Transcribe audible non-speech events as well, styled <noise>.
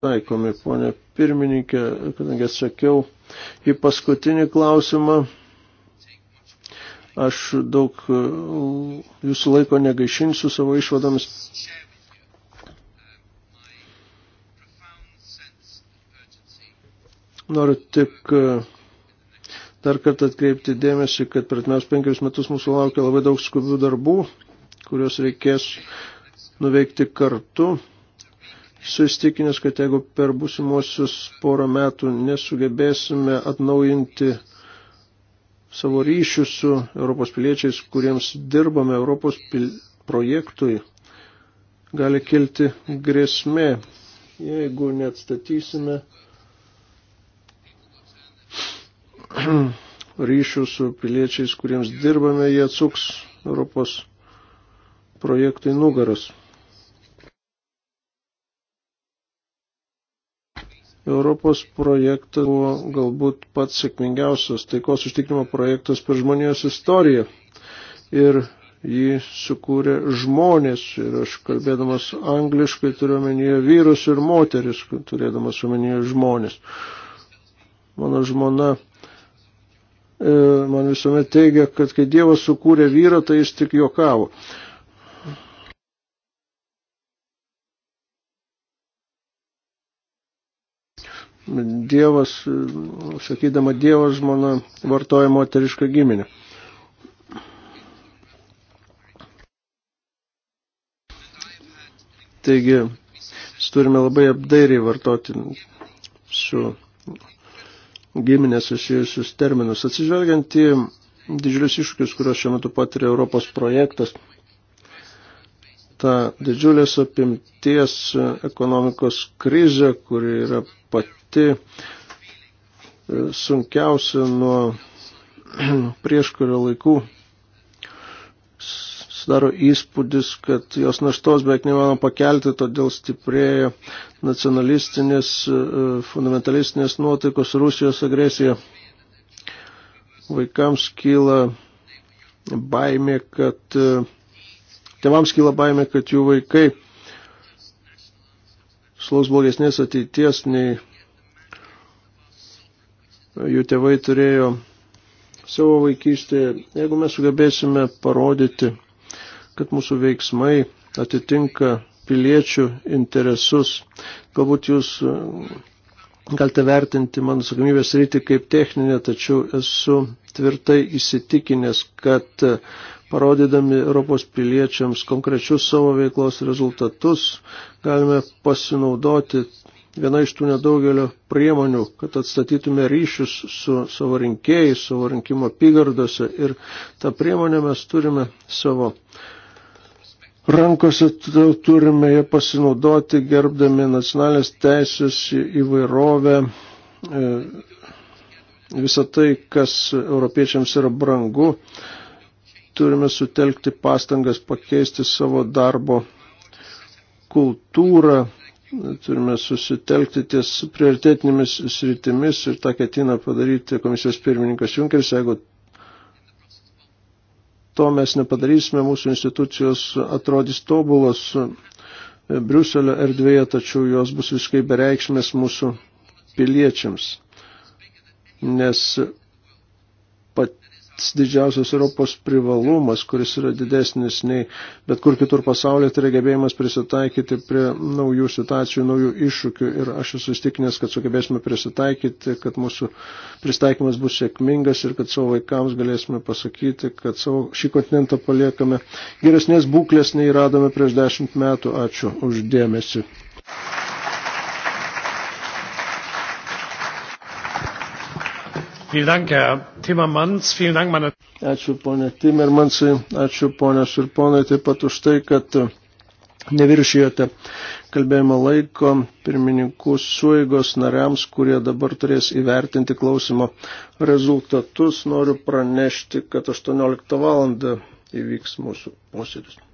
taikomi, ponė pirmininkė, kadangi atsakiau į paskutinį klausimą. Aš daug jūsų laiko negaišinsiu savo išvadomis. Noriu tik dar kartą atkreipti dėmesį, kad per mes penkerius metus mūsų laukia labai daug skubių darbų, kuriuos reikės nuveikti kartu. Esu įstikinęs, kad jeigu per būsimuosius porą metų nesugebėsime atnaujinti savo ryšių su Europos piliečiais, kuriems dirbame Europos pil... projektui, gali kilti grėsmė, jeigu neatstatysime <clears throat> ryšių su piliečiais, kuriems dirbame, jie atsuks Europos projektui nugaras. Europos projektas buvo galbūt pats sėkmingiausias taikos užtikrimo projektas per žmonijos istoriją. Ir jį sukūrė žmonės. Ir aš kalbėdamas angliškai turiu omenyje vyrus ir moteris, turėdamas omenyje žmonės. Mano žmona e, man visuomet teigia, kad kai Dievas sukūrė vyrą, tai jis tik juokavo. Dievas, sakydama Dievas žmona, vartoja moterišką giminę. Taigi, turime labai apdairiai vartoti su giminė susijusius terminus. Atsižvelgiant į didžiulius iššūkius, kuriuos šiuo metu patiria Europos projektas, ta didžiulės apimties ekonomikos krizė, kuri yra pat pati e, sunkiausia nuo <clears throat> prieškurio laikų. Sudaro įspūdis, kad jos naštos beveik nemanoma pakelti, todėl stiprėja nacionalistinės, e, fundamentalistinės nuotaikos Rusijos agresija. Vaikams kyla baimė, kad e, tėvams kyla baimė, kad jų vaikai slaus blogesnės ateities nei jų tėvai turėjo savo vaikystėje. Jeigu mes sugebėsime parodyti, kad mūsų veiksmai atitinka piliečių interesus, galbūt jūs uh, galite vertinti mano atsakomybės rytį kaip techninę, tačiau esu tvirtai įsitikinęs, kad uh, parodydami Europos piliečiams konkrečius savo veiklos rezultatus, galime pasinaudoti viena iš tų nedaugelio priemonių, kad atstatytume ryšius su savo rinkėjais, savo rinkimo apygardose ir tą priemonę mes turime savo rankose, todėl turime ją pasinaudoti gerbdami nacionalinės teisės įvairovę, e, visą tai, kas europiečiams yra brangu, turime sutelkti pastangas pakeisti savo darbo kultūrą turime susitelkti ties prioritetinėmis sritimis ir tą ketina padaryti komisijos pirmininkas Junkeris. Jeigu to mes nepadarysime, mūsų institucijos atrodys tobulos Briuselio erdvėje, tačiau jos bus visiškai bereikšmės mūsų piliečiams. Nes pats didžiausias Europos privalumas, kuris yra didesnis nei bet kur kitur pasaulyje, tai yra gebėjimas prisitaikyti prie naujų situacijų, naujų iššūkių. Ir aš esu įstikinęs, kad sugebėsime prisitaikyti, kad mūsų pristaikymas bus sėkmingas ir kad savo vaikams galėsime pasakyti, kad savo šį kontinentą paliekame geresnės būklės nei radome prieš dešimt metų. Ačiū uždėmesi. Thank you. Ačiū ponė Timermansai, ačiū ponės ir ponai taip pat už tai, kad e, neviršijote kalbėjimo laiko pirmininkų suigos nariams, kurie dabar turės įvertinti klausimo rezultatus. Noriu pranešti, kad 18 val. įvyks mūsų posėdis.